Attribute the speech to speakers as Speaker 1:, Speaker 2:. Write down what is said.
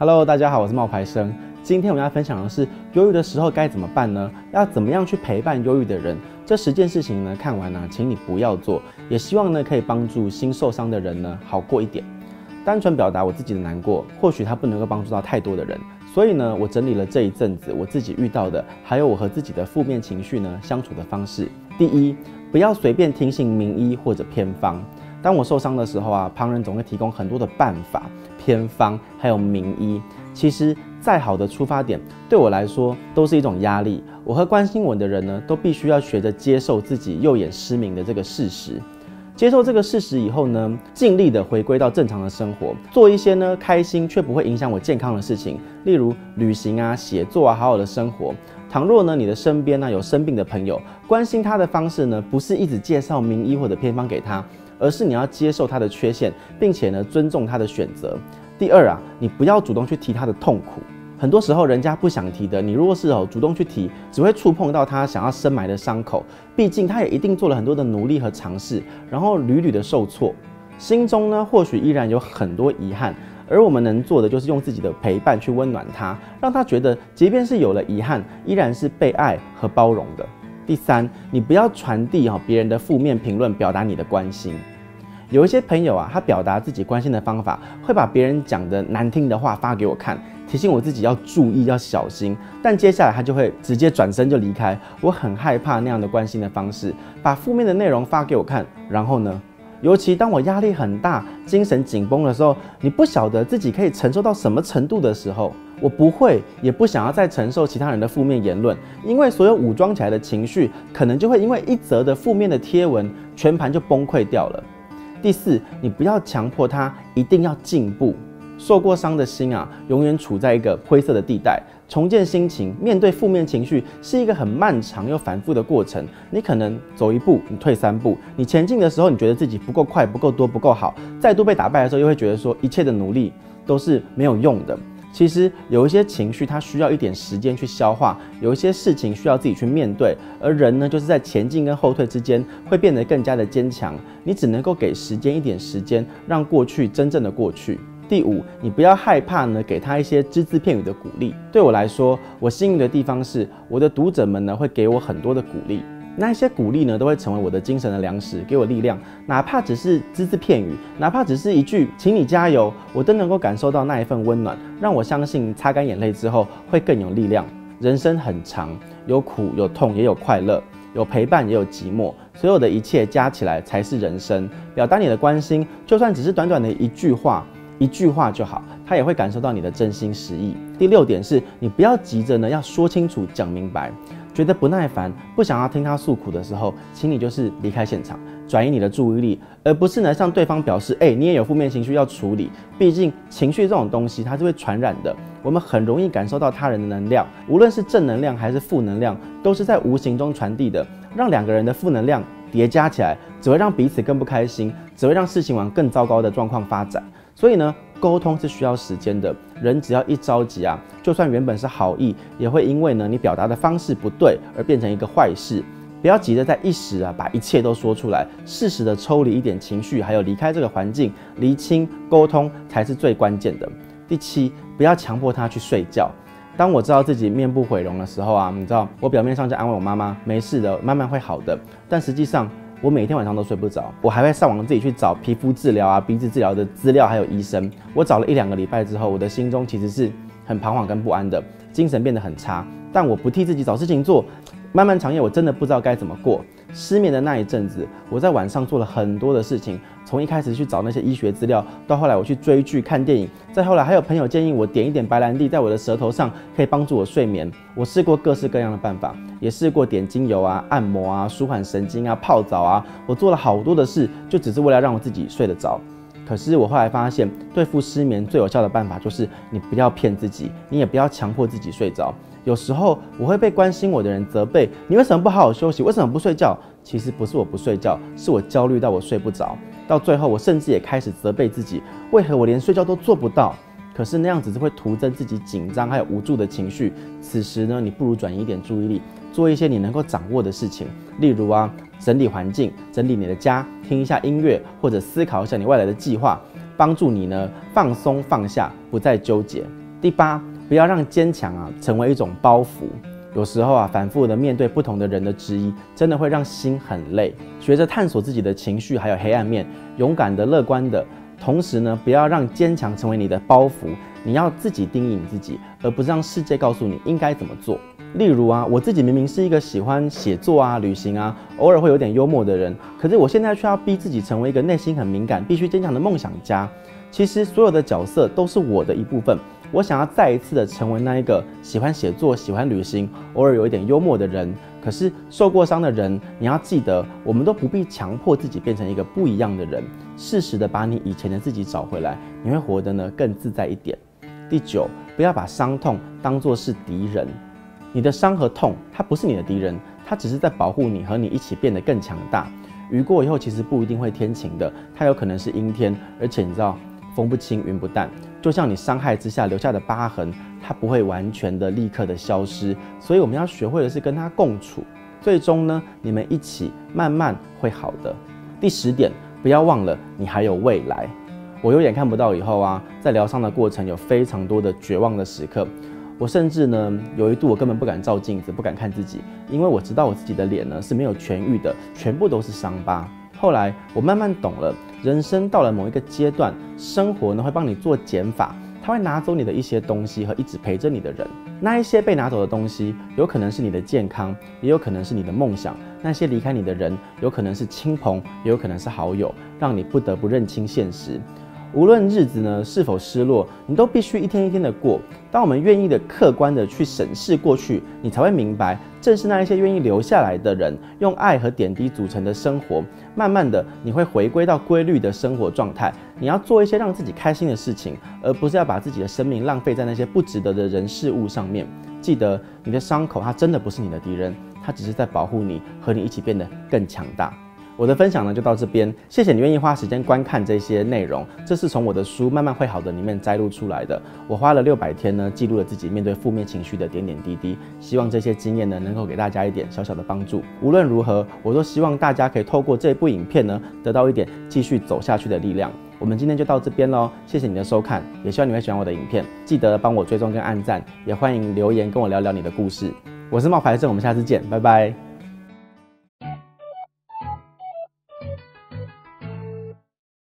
Speaker 1: 哈囉，大家好，我是冒牌生。今天我們要分享的是，憂鬱的時候該怎麼辦呢？要怎麼樣去陪伴憂鬱的人？這十件事情呢，看完呢、啊，請你不要做，也希望呢，可以幫助心受傷的人呢，好過一點。單純表達我自己的難過，或許它不能夠幫助到太多的人。所以呢，我整理了這一陣子我自己遇到的，還有我和自己的負面情緒呢相處的方式。第一，不要隨便聽信名醫或者偏方。當我受傷的時候啊，旁人總會提供很多的辦法、偏方，還有名醫。其實再好的出發點，對我來說都是一種壓力。我和關心我的人呢，都必須要學着接受自己右眼失明的這個事實。接受這個事實以後呢，盡力的回歸到正常的生活，做一些呢開心卻不會影響我健康的事情，例如旅行啊、寫作啊，好好的生活。倘若呢你的身邊呢啊有生病的朋友，關心他的方式呢，不是一直介紹名醫或者偏方給他。而是你要接受他的缺陷，並且呢尊重他的選擇。第二啊，你不要主動去提他的痛苦，很多時候人家不想提的。你如果是哦主動去提，只會觸碰到他想要深埋的傷口。畢竟他也一定做了很多的努力和嘗試，然後屢屢的受挫，心中呢或許依然有很多遺憾。而我們能做的就是用自己的陪伴去溫暖他，讓他覺得即便是有了遺憾，依然是被愛和包容的。第三，你不要傳遞哦，別人的負面評論，表達你的關心。有一些朋友啊，他表達自己關心的方法，會把別人講的難聽的話發給我看，提醒我自己要注意、要小心。但接下來他就會直接轉身就離開。我很害怕那樣的關心的方式，把負面的內容發給我看，然後呢，尤其當我壓力很大、精神緊繃的時候，你不曉得自己可以承受到什麼程度的時候，我不會也不想要再承受其他人的負面言論，因為所有武裝起來的情緒，可能就會因為一則的負面的貼文，全盤就崩潰掉了。第四，你不要強迫他一定要進步。受過傷的心啊，永遠處在一個灰色的地帶。重建心情，面對負面情緒是一個很漫長又反覆的過程。你可能走一步，你退三步。你前進的時候，你覺得自己不夠快、不夠多、不夠好；再度被打敗的時候，又會覺得說一切的努力都是沒有用的。其實有一些情緒，它需要一點時間去消化；有一些事情需要自己去面對。而人呢，就是在前進跟後退之間，會變得更加的堅強。你只能夠給時間一點時間，讓過去真正的過去。第五，你不要害怕呢，給他一些只字片語的鼓勵。對我來說，我幸運的地方是，我的讀者們呢，會給我很多的鼓勵。那一些鼓勵呢，都會成為我的精神的糧食，給我力量。哪怕只是只字片語，哪怕只是一句“請你加油”，我都能夠感受到那一份溫暖，讓我相信擦乾眼淚之後會更有力量。人生很長，有苦有痛，也有快樂，有陪伴也有寂寞，所有的一切加起來才是人生。表達你的關心，就算只是短短的一句話，一句話就好。他也會感受到你的真心實意。第六點是，你不要急着呢，要說清楚、講明白，覺得不耐煩、不想要聽他訴苦的時候，請你就是離開現場，轉移你的注意力，而不是呢向對方表示，哎、欸，你也有負面情緒要處理。畢竟情緒這種東西，它是會傳染的。我們很容易感受到他人的能量，無論是正能量還是負能量，都是在無形中傳遞的。讓兩個人的負能量疊加起來，只會讓彼此更不開心，只會讓事情往更糟糕的狀況發展。所以呢。溝通是需要時間的，人只要一着急啊，就算原本是好意，也會因為呢你表達的方式不對而變成一個壞事。不要急着在一時啊把一切都說出來，適時的抽離一點情緒，還有離開這個環境，釐清溝通才是最關鍵的。第七，不要強迫他去睡覺。當我知道自己面部毀容的時候啊，你知道我表面上在安慰我媽媽，沒事的，慢慢會好的，但實際上。我每天晚上都睡不着，我還會上網自己去找皮膚治療啊、鼻子治療的資料，還有醫生。我找了一兩個禮拜之後，我的心中其實是很彷徨跟不安的，精神變得很差。但我不替自己找事情做。漫漫長夜，我真的不知道該怎麼過。失眠的那一陣子，我在晚上做了很多的事情，從一開始去找那些醫學資料，到後來我去追劇、看電影，再後來還有朋友建議我點一點白蘭地在我的舌頭上，可以幫助我睡眠。我試過各式各樣的辦法，也試過點精油啊、按摩啊、舒緩神經啊、泡澡啊，我做了好多的事，就只是為了讓我自己睡得着。可是我後來發現，對付失眠最有效的辦法就是，你不要騙自己，你也不要強迫自己睡着。有時候我會被關心我的人責備，你為什麼不好好休息？為什麼不睡覺？其實不是我不睡覺，是我焦慮到我睡不着。到最後，我甚至也開始責備自己，為何我連睡覺都做不到？可是那樣子只會徒增自己緊張還有無助的情緒。此時呢，你不如轉移一點注意力。做一些你能夠掌握的事情，例如啊，整理環境，整理你的家，聽一下音樂，或者思考一下你未來的計劃，幫助你呢放鬆放下，不再糾結。第八，不要讓堅強啊成為一種包袱。有時候啊，反復的面對不同的人的質疑，真的會讓心很累。學着探索自己的情緒，還有黑暗面，勇敢的、樂觀的，同時呢，不要讓堅強成為你的包袱。你要自己定義你自己，而不是讓世界告訴你應該怎麼做。例如啊，我自己明明是一個喜歡寫作啊、旅行啊，偶爾會有點幽默的人，可是我現在卻要逼自己成為一個內心很敏感、必須堅強的夢想家。其實所有的角色都是我的一部分。我想要再一次的成為那一個喜歡寫作、喜歡旅行、偶爾有一點幽默的人。可是受過傷的人，你要記得，我們都不必強迫自己變成一個不一樣的人。適時的把你以前的自己找回來，你會活得呢更自在一點。第九，不要把傷痛當作是敵人。你的傷和痛，它不是你的敵人，它只是在保護你和你一起變得更強大。雨過以後，其實不一定會天晴的，它有可能是陰天，而且你知道，風不輕雲不淡。就像你傷害之下留下的疤痕，它不會完全的立刻的消失。所以我們要學會的是跟它共處，最終呢，你們一起慢慢會好的。第十點，不要忘了你還有未來。我有點看不到以後啊，在療傷的過程有非常多的絕望的時刻。我甚至呢，有一度我根本不敢照鏡子，不敢看自己，因為我知道我自己的臉呢是沒有痊愈的，全部都是傷疤。後來我慢慢懂了，人生到了某一個階段，生活呢會幫你做減法，它會拿走你的一些東西和一直陪着你的人。那一些被拿走的東西，有可能是你的健康，也有可能是你的夢想；那些離開你的人，有可能是親朋，也有可能是好友，讓你不得不認清現實。無論日子呢是否失落，你都必須一天一天的過。當我們願意的、客觀的去審視過去，你才會明白，正是那一些願意留下來的人，用愛和點滴組成的生活，慢慢的，你會回歸到規律的生活狀態。你要做一些讓自己開心的事情，而不是要把自己的生命浪費在那些不值得的人事物上面。記得，你的傷口它真的不是你的敵人，它只是在保護你，和你一起變得更強大。我的分享呢就到這邊，謝謝你願意花時間觀看這些內容，這是從我的書《慢慢會好的》裡面摘錄出來的。我花了六百天呢，記錄了自己面對負面情緒的點點滴滴，希望這些經驗呢能夠給大家一點小小的幫助。無論如何，我都希望大家可以透過這部影片呢得到一點繼續走下去的力量。我們今天就到這邊嘍，謝謝你的收看，也希望你會喜歡我的影片，記得幫我追蹤跟按讚，也歡迎留言跟我聊聊你的故事。我是冒牌生，我們下次見，拜拜。